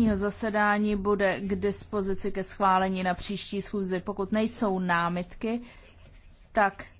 dnešního zasedání bude k dispozici ke schválení na příští schůzi. Pokud nejsou námitky, tak